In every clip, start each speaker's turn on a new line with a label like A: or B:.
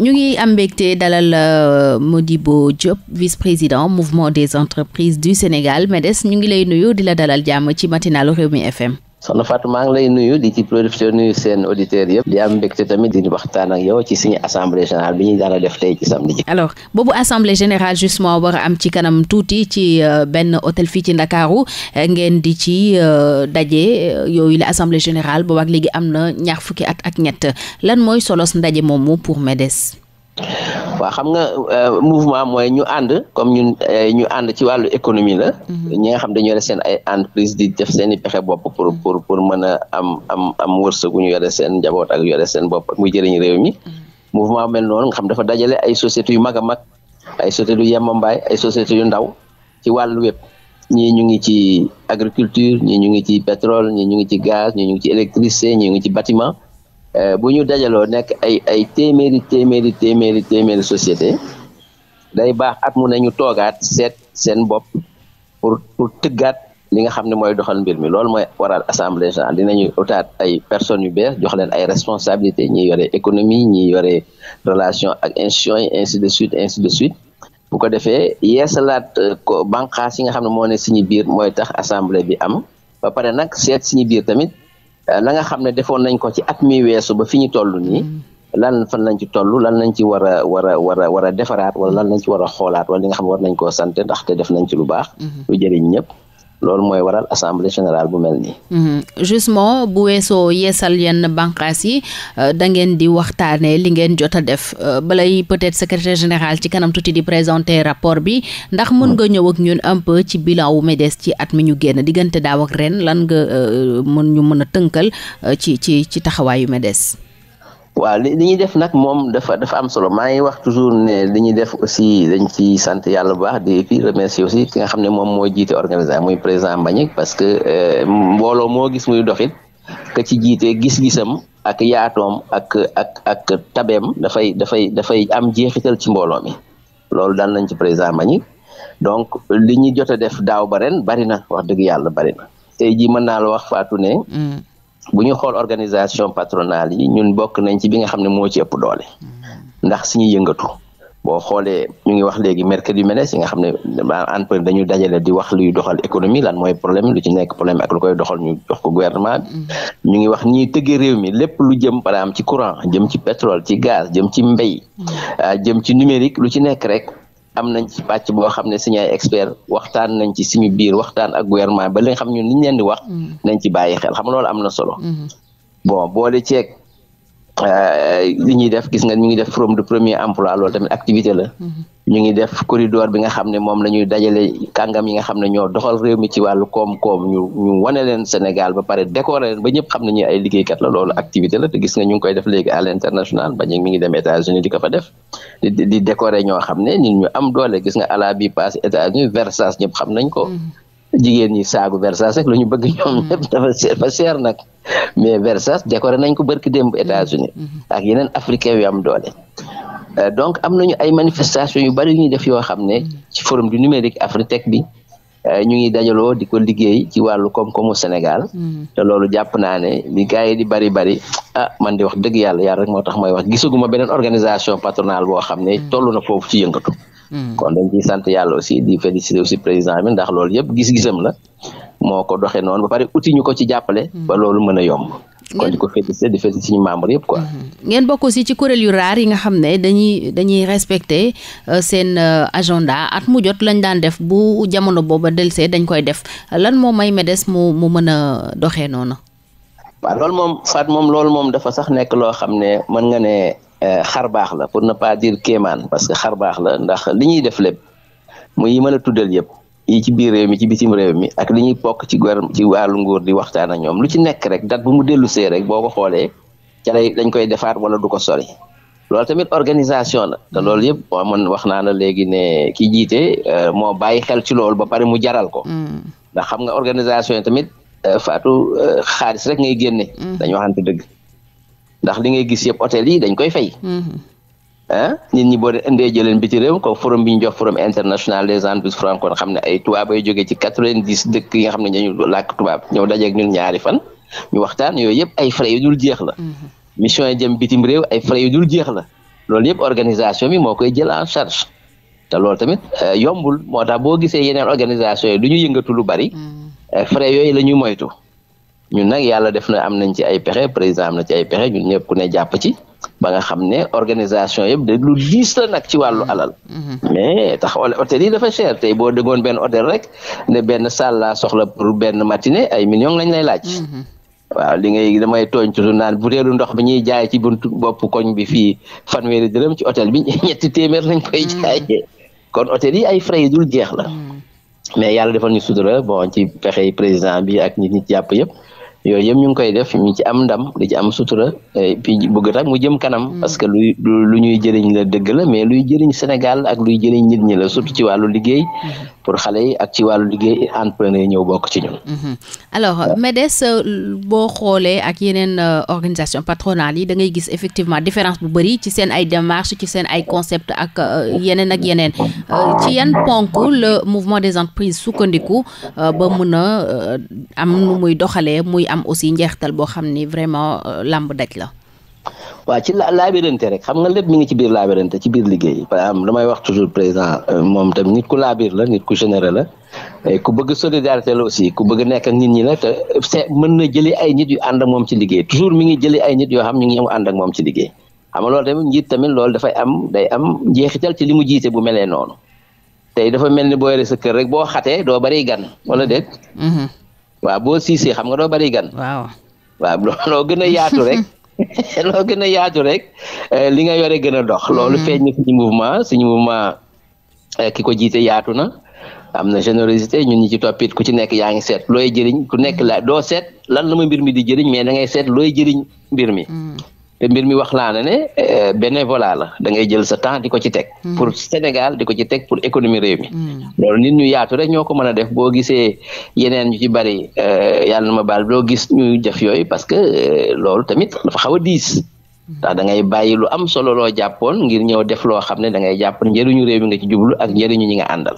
A: ñu ngi am mbégte dalal euh, Modibo Diop vice-président mouvement des entreprises du Sénégal MEDES ñu ngi lay nuyu di la dalal jàmm ci matinalu Rewmi FM
B: soxna Fatou maa ngi lay nuyu di ci producteur nuyu seen auditeurs yëpp di am mbégte tamit di waxtaan ak yow ci suñu assemblée générale bi ñuy daan a def tey ci samedi ji
A: alors boobu assemblée générale justement war a am ci kanam tuuti ci euh, benn hôtel fii ci Ndakaaru euh, ngeen di ci euh, daje yooyu la assemblée générale boobu ak léegi am na ñaax fukki at ak ñett lan mooy solos ndaje moomu pour MEDES
B: waaw xam nga euh, mouvement mooy ñu ànd comme ñun euh, ñu ànd ci wàllu économie la. Mhm. ñi nga xam dañu yore seen ay entreprise di def seen i pexe bopp mhm. pour pour mën a am am am wërsëgu ñu yore seen njaboot ak yore seen bopp ak muy réew mi. Mhm. mouvement mel noonu nga xam dafa dajale ay sociétés yu mag a mag ay sociétés yu yemambaay ay sociétés yu ndaw ci wàllu wépp ñii ñu ngi ci agriculture ñii ñu ngi ci pétrole ñii ñu ngi ci gaz ñii ñu ngi ci électricité ñu ngi ci bâtiment. Euh, bu ñu dajaloo nekk ay ay téeméeri téeméeri téeméeri téeméeri société day baax at mu ne ñu toogaat seet seen bopp pour pour tëggaat li nga xam ne mooy doxal mbir mi loolu mooy waral assemblée générale dinañu utaat ay personnes yu bees jox leen ay responsabilités ñi yore économie ñi yore relation ak institution yi ainsi de suite bu ko defee yeesalaat euh, ko banqaas yi nga xam ne moo ne suñu biir mooy tax assemblée bi am ba pare nag seet suñu biir tamit Euh, la nga xam ne defoon nañ ko ci at mi weesu ba fi ñu toll nii mm. lan fan lañ ci toll lan nañ ci war a war a war a war a defaraat wala lan lañ ci war xoolaat wala li nga xam ne war nañ koo sant ndaxte def nañ ci lu baax. Mm-hmm. lu jëriñ ñëpp. loolu mooy waral assemblée générale bu mel nii. Mhm. justement
A: bu weesoo yeesal yenn bànqaas yi euh, da ngeen di waxtaanee li ngeen jot a def euh, balay peut-être secrétaire général ci kanam tuuti di présenter rapport bi ndax mën nga ñëw ak ñun un ci bilan wu MEDES ci at mi ñu génn diggante daaw ak ren lan nga euh, mën ñu mën a tënkal ci ci ci taxawaayu MEDES.
B: waaw li ñuy def nag moom dafa dafa am solo maa ngi wax toujours ne li ñuy def aussi lañ ci sant yàlla bu baax di puis remercier aussi ki nga xam ne moom moo jiite organisation muy président Mbagnick parce que euh, mbooloo moo gis muy doxit ka ci jiite gis-gisam ak yaatoom ak ak ak tabeem dafay dafay dafay am jeexital ci mbooloo mi loolu daan nañ ci président Mbagnick donc li ñu jot def daaw ba ren bari na wax dëgg yàlla bari na tey jii wax Fatou ne mm. bu ñu xool organisation patronale yi ñun bokk nañ ci bi nga xam ne moo ci ëpp doole mm-hmm. ndax suñu yëngatu boo xoolee ñu ngi wax léegi mercredi menes si nga xam ne entrepreneur dañu dajale di wax luy doxal économie lan mooy problème lu ci nekk problème ak lu koy doxal ñu jox ko gouvernement bi mm-hmm. ñu ngi wax ñi tëggee réew mi lépp lu jëm par exemple ci courant jëm ci pétrole ci gaz jëm ci mbéy mm-hmm. ah jëm ci numérique lu ci nekk rek am nañ ci pàcc boo xam ne suñu ay expert waxtaan nañ ci suñu waxtaan ak gouvernement ba li nga xam ñun li ñu leen di mm. ci bàyyi xel xam loolu am na solo mm-hmm. bon boole ceeg Euh, li ñuy def gis nga ñu ngi def forum de premier emploi loolu tamit activité la. Mhm. ñu def corridor bi nga xam ne moom la ñuy dajale kàngam nga xam ne ñoo doxal réew mi ci wàllu koom-koom ñu ñu wane leen Sénégal ba pare décorer leen ba ñëpp xam ne ñu la loolu activité la te gis nga ñu ngi ñoo xam ne nit ñu am doole gis nga ala bi passe États-Unis Versace ñëpp xam nañ ko. Mhm. jigéen ñi saagu Versace rek la bëgg ñoom mhm. ñëpp dafa seer nag. mais Versace décoré nañ ko barki démb États-Unis mm-hmm. ak yeneen am doole euh, donc am nañu ay manifestation yu bari yu ñuy def yoo xam ne mm-hmm. ci forum du numérique Afritech bi euh, ñu ngi dajaloo di ko liggéey ci wàllu koom-koomu Sénégal mm-hmm. te loolu jàpp naa ne li di bari bari ah man di wax dëgg yàlla yàlla rek moo tax mooy wax gisaguma beneen organisation patronale boo xam ne toll na foofu ci yëngatu kon dañ ciy sant yàlla aussi di féliciter aussi président bi loolu yëpp gis-gisam moo ko doxee noonu ba pare uti ñu ko ci jàppale. Hmm. ba loolu mën a yomb. kon di ko félicité di suñu membre yëpp quoi. Hmm.
A: ngeen bokk si ci kuréel yu raar yi nga xam ne dañuy dañuy respecté euh, seen euh, agenda at mu jot lañ daan def bu jamono booba delsee dañ koy def lan moo may MEDES mu mu mën a doxee noonu.
B: waaw loolu moom Fat moom loolu moom dafa sax nekk loo xam ne mën nga ne euh, xar baax la pour ne pas dire kéemaan parce que xar baax la ndax li ñuy def lépp muy mën a tuddal yëpp. yi ci biir rew mi ci bitim réew mi ak li ñuy bokk ci gwer ci wàllu nguur di waxtaan ak ñoom lu ci nekk rek date bu mu dellu see rek boo ko xoolee ca lay koy defaat wala du ko sori loolu tamit organisation la te loolu yëpp moo man wax naa la léegi ne ki jiite euh, moo bàyyi xel ci lool ba pare mu jaral ko mm. ndax xam nga organisation yi tamit euh, faatu euh, xaalis rek ngay génne mm. dañu waxante dëgg ndax li ngay gis yëpp hôtel yi dañ koy fay mm-hmm. ah nit ñi boo dee indee jëleen biti réew ko forum bi ñu jox forum international des entreprises francophones xam ne ay tubaab ay jógee ci quatre-vingt-dix dëkk yi nga xam ne dañu làkk tubaab ñëw dajeeg ñun ñaari fan ñu waxtaan yooyu yëpp ay frais yu dul jeex la mm-hmm. mission yi jëm bitim réew ay frais yu dul jeex la loolu yëpp organisation bi moo koy jël en charge te loolu tamit euh, yombul moo tax boo gisee yeneen organisation yi du ñu yëngatu lu bari mm-hmm. euh, frais yooyu la ñuy moytu ñun nag yàlla def na am nañ ci ay pexe président am na ci ay pexe ñun ñëpp ku ne jàpp ci ba nga xam ne organisation yëpp de lu diis la nag ci wàllu alal. Mm-hmm. mais tax hôtel yi dafa cher tey boo déggoon benn hôtel rek ne benn salle soxla pour benn matinée ay millions lañ lay laaj. Mm-hmm. waaw li ngay damay tooñ toujours naan butéelu ndox bi ñuy jaay ci buntu bopp koñ bi fii fanweeri dërëm ci hôtel bi ñetti téeméer lañ koy mm-hmm. jaayee kon hôtel yi ay frais yi dul jeex la mais yàlla defal ñu sutura bon ci pexe président bi ak nit ñi jàpp yëpp. yooyu yëpp ñu ngi koy def ñu ci am ndam di ci am sutura puis eh, bëgg rek mu jëm kanam mm. parce que luy lu ñuy jëriñ la dëgg la mais luy jëriñ Sénégal ak luy jëriñ nit ñi la surtout ci wàllu liggéey mm-hmm. pour xale yi ak ci wàllu liggéey entrepreneur yi ñëw bokk ci ñun.
A: Mhm. alors MEDES boo xoolee ak yeneen euh, organisation patronale yi da ngay gis effectivement différence bu bëri ci seen ay démarche ci seen ay concept ak euh, yeneen ak yeneen euh, ci yan ponk le mouvement des entreprises sukkandiku ba mun a am nu muy doxalee muy am aussi njeextal boo xam ni vraiment làmb daj la.
B: waaw ci laabirante rek xam nga lépp mi ngi ci biir laabirante ci biir liggéey par exemple damay wax toujours président euh, moom tam nit ku laabir la nit ku généreux la ku bëgg solidarité la aussi ku bëgg nekk ak nit ñi la te mën na jëli ay nit yu ànd ak moom ci liggéey toujours mi ngi jëli ay nit yoo xam ñu ngi ànd ak moom ci liggéey xam nga loolu tamit njiit tamit loolu dafay am day am njeexital ci li mu jiite bu melee noonu tey dafa mel ni boo yore sa kër rek boo xatee doo bari gan wala déet. Mm-hmm. waaw boo siisee xam nga doo bari gan. waaw waaw loo gën a yaatu rek. loo gën a yaatu rek eh, li nga yore gën a dox. Mm-hmm. loolu feeñ na suñu mouvement suñu mouvement eh, ki ko jiite yaatu na. am na générosité ñun ñi ci toppit ku ci nekk yaa ngi seet looy jëriñ ku nekk la doo seet lan la ma mbir mi di jëriñ mais da ngay seet looy jëriñ mbir mi. Mm-hmm. te mbir mi wax naa ne ne eh, bénévolat la da ngay jël sa temps di ko ci teg. Hmm. pour Sénégal di ko ci teg pour économie réew mi. Hmm. loolu nit ñu yaatu rek ñoo ko mën a def boo gisee yeneen ñu ci bari eh, yàlla na ma baal gis ñu jëf yooyu parce que eh, loolu tamit dafa xaw a diis. Hmm. ndax dangay ngay bàyyi lu am solo loo jàppoon ngir ñëw def loo xam ne da ngay jàpp njëriñu réew mi nga ci jublu ak njëriñu ñi nga àndal.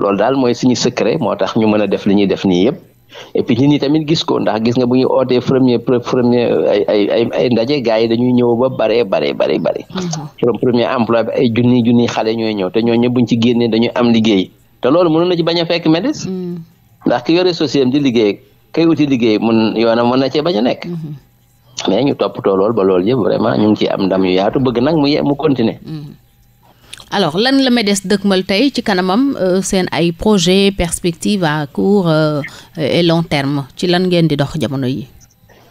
B: loolu daal mooy suñu secret moo tax ñu mën a def li ñuy def nii yëpp. et puis nit tamit gis ko ndax gis nga bu ñu ootee premier premier ay ay ay ndaje gars yi dañuy ñëw ba bare bare bare bare mm-hmm. premier emploi bi ay junni junni xale ñooy ñëw te ñoo ñëpp buñ ci génnee dañuy am liggéey te loolu mënoon na ci bañ a fekk MEDES mm. ndax ki yore société di liggéey kay uti liggéey mun yoonam mën na cee bañ a nekk mm-hmm. mais ñu toppatoo lool ba loolu yëpp vraiment ñu ngi ciy am ndam yu yaatu bëgg nag mu ye mu continuer mm-hmm.
A: alors lan la des MEDES mal tey ci kanamam euh, seen ay projet perspective à court euh, et long terme ci lan ngeen di dox jamono yi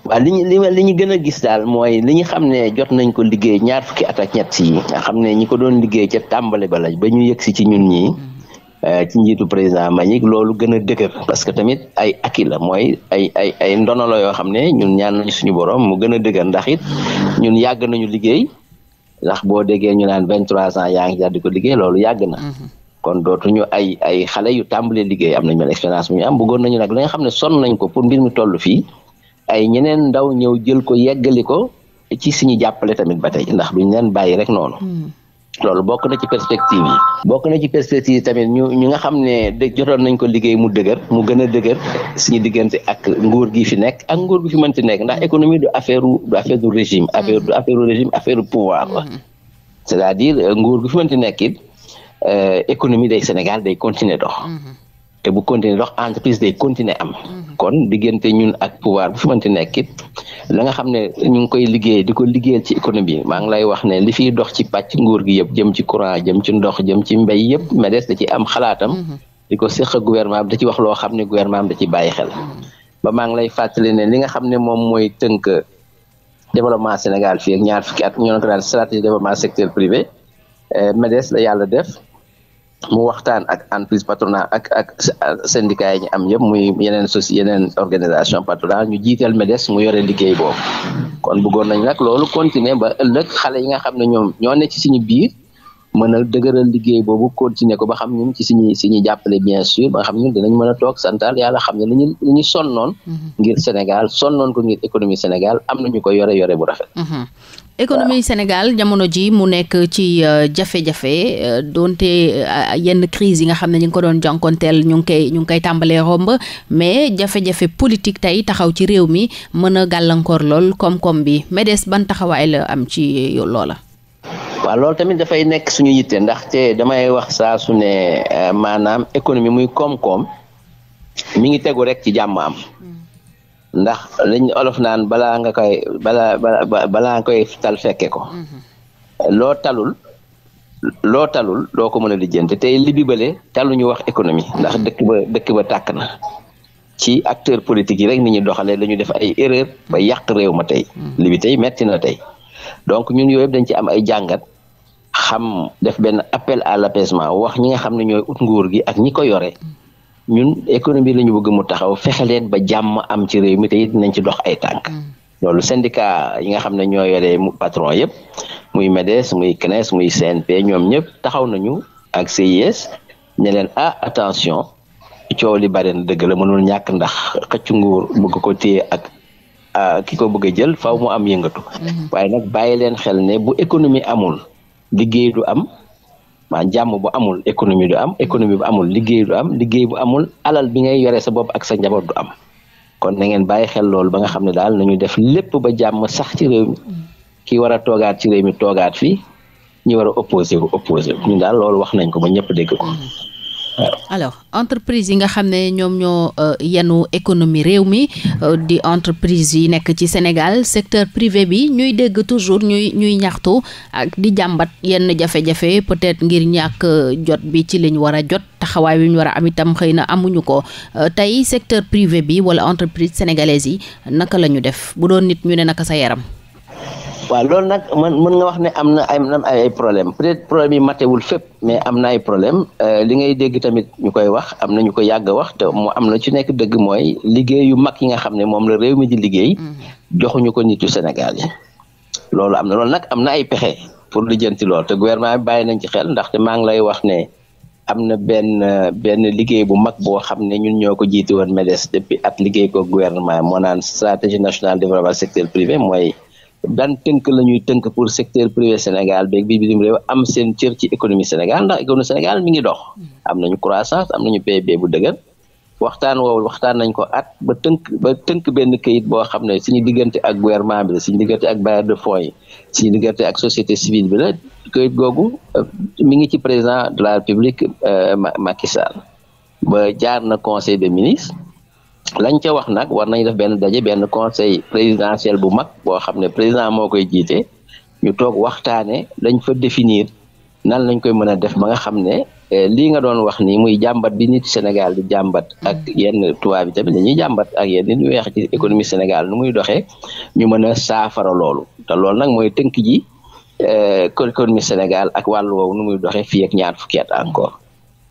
B: waaw li ñu li ñu gën a gis daal mooy li ñu xam ne jot nañ ko liggéey ñaar fukki at ñett yi nga xam ne ñi ko doon liggéey ca tàmbali ba la ba ñu yëgsi ci ñun ñii mm-hmm. euh, ci njiitu président Mbagnick loolu gën a dëgër parce que tamit ay aki la mooy ay ay ay ndono la yoo xam ne ñun ñaan nañ suñu borom mu gën a dëgër ndax it ñun yàgg nañu liggéey ndax boo déggee ñu naan vingt trois ans yaa ngi jar di ko loolu yàgg na. Mhm. kon dootuñu ay ay xale yu tàmbalee liggéey am nañ benn expérience bu ñu am bëggoon nañu nag li nga xam ne sonn nañ ko pour mbir mi toll fii ay ñeneen ndaw ñëw jël ko yeggali ko ci suñu jàppale tamit ba tey ndax duñ leen bàyyi rek noonu. Mhm. loolu bokk na ci perspective yi bokk na ci perspective yi tamit ñu ñu nga xam ne dé jotoon nañ ko liggéey mu dëgër mu gën a dëgër suñu diggante ak nguur gi fi nekk ak nguur gi fi mënti nekk ndax économie du affaire du affaire du régime mm. affaire du affaire du régime affaire du pouvoir la mm. c'est-à-dire euh, nguur gi fi mënti nekk it euh, économie day Sénégal day continuer dox mm-hmm. te bu continuer dox entreprise day continuer am mhm. kon diggante ñun ak pouvoir bu fi mënti nekk la nga xam ne ñu ngi koy liggéey di ko liggéeyal ci économie maa ngi lay wax ne li fiy dox ci pàcc nguur gi yëpp jëm ci courant jëm ci ndox jëm ci mbéy yëpp MEDES da ci am xalaatam mhm. di ko séq gouvernement bi da ci wax loo xam ne gouvernement bi da ci bàyyi xel mhm. ba maa ngi lay fàttali ne li nga xam ne moom mooy tënk développement Sénégal fi ak ñaar fukki at ñoo ko daal stratégie développement secteur privé eh, MEDES la yàlla def mu waxtaan ak entreprise patronale ak ak syndicat yi ñu am yëpp muy yeneen soci yeneen organisation patronale ñu jiital MEDES mu yore liggéey boobu kon bëggoon nañ nag loolu continuer ba ëllëg xale yi nga xam ne ñoom ñoo ne ci suñu biir mën a dëgëral liggéey boobu continuer ko ba xam ñun ci suñuy suñuy jàppale bien sûr ba xam ñun dinañ mën a toog santal yàlla xam ne li ñu li sonnoon mm-hmm. ngir Sénégal sonnoon ko ngir économie Sénégal am nañu ko yore yore bu rafet
A: mm-hmm. économie Sénégal jamono ji mu nekk ci euh, jafe-jafe euh, donte euh, yenn crise yi nga xam ne ñu ngi ko doon jànkonteel ñu ngi koy ñu ngi koy tàmbalee romb mais jafe-jafe politique tey taxaw ci réew mi mën a gàllankoor lool koom-koom bi MEDES ban taxawaay la am ci loola
B: waaw loolu tamit dafay nekk suñu yitte ndaxte damay wax saa su ne eh, maanaam économie muy koom-koom mi ngi tegu rek ci jàmm am mm-hmm. ndax lañ olof naan balaa nga koy balaa balaa nga koy tal fekke ko mm-hmm. loo talul loo talul doo ko mën a lijjante tey li bi bale taluñu wax économie ndax dëkk ba dëkk ba tàkk na ci acteur politique yi rek ni ñu doxalee dañu def ay erreur ba yàq réew ma tey mm-hmm. li tey metti na tey donc ñun yooyu yëpp dañ ci am ay jàngat xam def benn appel à l'apaisement wax ñi nga xam ne ñooy ut nguur gi ak ñi ko yore ñun économie la ñu bëgg mu taxaw fexe leen ba jàmm am ci réew mi te it nañ ci dox ay tànk. Mm. loolu syndicat yi nga xam ne ñoo yore patron yëpp muy MEDES muy CNES muy CNP ñoom ñëpp taxaw nañu ak CIS ñu leen ah attention coow li bari dëgg la mënul ñàkk ndax xëcc nguur bëgg ko téye ak. Ah, ki ko bëgg jël faw mu am yëngatu mm-hmm. waaye nag bàyyi leen xel ne bu économie amul liggéey du am maanaam jàmm bu amul économie du am économie bu amul liggéey du am liggéey bu amul alal bi ngay yore sa bopp ak sa njaboot du am kon na ngeen bàyyi xel loolu ba nga xam ne daal nañu def lépp ba jàmm sax ci réew mi ki war a toogaat ci réew mi toogaat fii ñu war a opposé wu opposé wu ñun daal loolu wax nañ ko ba ñëpp dégg ko
A: Euh, alors entreprise yi nga xam ne ñoom ñoo euh, yenu économie réew mi euh, di entreprise yi nekk ci Sénégal secteur privé bi ñuy dégg toujours ñuy ñuy ñaxtu ak di jàmbat yenn jafe-jafe peut-être ngir ñàkk jot bi ci liñ war a jot taxawaay bi ñu war a am itam xëy na amuñu ko tey secteur privé bi wala entreprise sénégalaise yi naka la ñu def bu doon nit ñu ne naka sa yaram
B: waaw loolu nag man mën nga wax ne am na ay am ay problème peut-être problème yi matewul fépp mais am na ay problème euh, li ngay dégg tamit ñu koy wax am na ñu ko yàgg wax te mu am na ci nekk dëgg mooy liggéey yu mag yi nga xam ne moom la réew mi di liggéey mm-hmm. joxuñu ko nitu Sénégal yi loolu am na loolu nag am na ay pexe pour lijjanti loolu te gouvernement bàyyi nañ ci xel ndaxte maa ngi lay wax ne am na benn benn liggéey bu mag boo xam ne ñun ñoo ko jiiti woon MEDES depuis at liggéey ko gouvernement moo naan stratégie nationale développement secteur privé mooy daan tënk la ñuy tënk pour secteur privé Sénégal beeg bi bitim réew am seen cër ci économie Sénégal ndax économie Sénégal mi ngi dox mm. am nañu croissance am nañu PIB bu dëgër waxtaan woowu waxtaan nañ ko at ba tënk ba tënk benn kayit boo xam ne suñu diggante ak gouvernement bi la suñu diggante ak bailleur de fonds yi suñu diggante ak société civile bi la kayit googu euh, mi ngi ci président de la République euh, ma Sall ba jaar na conseil des ministres lañ ca wax nag war nañ def benn daje benn conseil présidentiel bu mag boo xam ne président moo koy jiite ñu toog waxtaane dañ fa définir nan lañ koy mën a def ba nga xam ne eh, lii nga doon wax nii muy jàmbat bi nit Sénégal di jàmbat ak yenn tubaab yi tamit dañuy jàmbat ak yenn nit ñu weex économie Sénégal nu muy doxee ñu mën a saafara loolu te loolu nag mooy tënk ji eh, économie Sénégal ak wàllu woowu nu muy doxee fii ak ñaar fukki at encore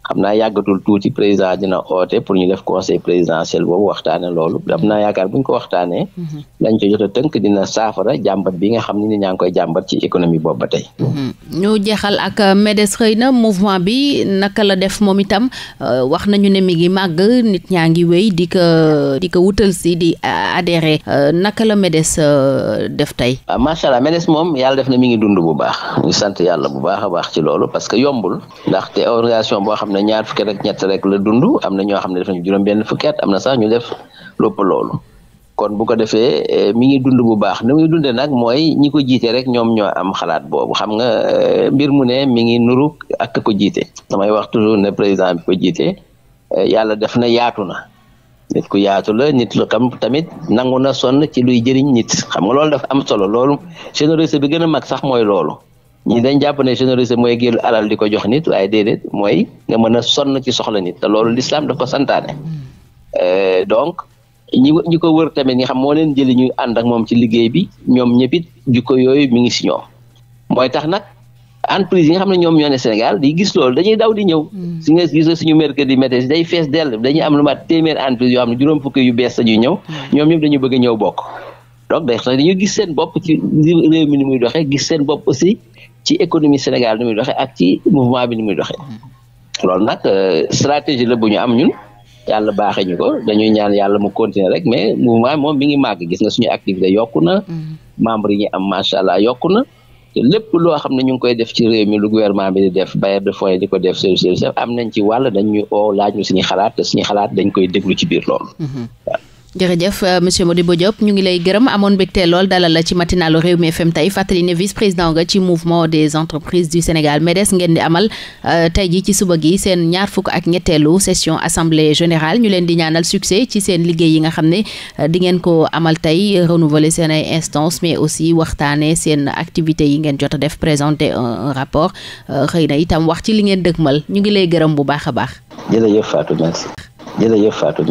B: xam naa yàggatul tuuti président dina oote pour ñu def conseil présidentiel boobu waxtaane loolu mm-hmm. am naa yaakaar bu ñu ko waxtaanee mm-hmm. lañ ci jot a tënk dina saafara jàmbat bi nga xam ne ni ñaa ngi koy jàmbat ci économie boobu ba tey
A: mm-hmm. ñu jeexal ak MEDES xëy na mouvement bi naka la def moom itam euh, wax nañu ne mi ngi màgg nit ñaa ngi wéy di ko di ko wutal si di adhéré euh, naka la MEDES euh, def tey
B: ah, macha allah MEDES moom yàlla def na mi ngi dund bu baax mu sant yàlla bu baax a baax ci loolu parce que yombul na ñaar fukki rek ñett rek la dund am na ñoo xam ne def nañu juróom-benn fukeet am na sax ñu def lépp loolu kon bu ko defee eh, mi ngi dund bu baax ni muy dundee nag mooy ñi ko jiite rek ñoom ñoo am xalaat boobu xam nga eh, mbir mu ne mi ngi nuru ak ko jiite damay wax toujours ne président bi ko jiite eh, yàlla def na yaatu na nit ku yaatu la nit lu xam tamit nangu na sonn ci luy jëriñ nit xam nga loolu dafa am solo loolu générosité bi gën a mag sax mooy loolu. ñi dañ jàpp ne générosité mooy génn alal di ko jox nit waaye déedéet mooy nga mën a sonn ci soxla nit loolu lislaam daf ko santaane euh, donc ñi ñi ko wër tamit nga xam moo leen jëli ñu ànd ak moom ci liggéey bi ñoom ñëppit jikko yooyu mi ngi si ñoom mooy tax nag entreprise yi nga xam ne ñoom ñoo ne Sénégal di gis loolu dañuy daw di ñëw mm. si nga gis nga suñu mercredi météo day fees dell dañuy am lu mat téeméer entreprise yoo xam ne juróom fukki yu bees sañuy ñëw mm. ñoom ñëpp dañu bëgg ñëw bokk donc day tax dañu gis seen bopp ci réew mi ni muy doxee gis seen bopp aussi ci économie Sénégal ni muy doxee ak ci mouvement bi ni muy doxee mm-hmm. loolu nag euh, stratégie la bu ñu am ñun yàlla baaxee ñu ko dañuy ñaan yàlla mu continuer rek mais mouvement moom mi ngi màgg gis nga suñu activité yokku na mm-hmm. membre yi ñu am macha allah yokku na lépp loo xam ne ñu ngi koy def ci réew mi lu gouvernement bi di def bailleurs de fonds di ko def service am nañ ci wàll dañu o oo laaj ñu suñu xalaat te xalaat dañ koy déglu ci biir lool
A: mm-hmm. jërëjëf euh, monsieur Modibo Diop ñu ngi lay gërëm amoon mbégte lool dalal la ci matinalu Rewmi FM tey fàttali ne vice président nga ci mouvement des entreprises du Sénégal MEDES ngeen di amal euh, tey ji ci suba gi seen ñaar fukk ak ñetteelu session assemblée générale ñu leen di ñaanal succès ci seen liggéey nga xam ne euh, di ngeen ko amal tey renouveler seen ay instance mais aussi waxtaane seen activités yi ngeen jot a def présenter un rapport xëy na itam wax ci li ngeen dëgmal ñu ngi lay gërëm bu baax a baax
B: jërëjëf Fatou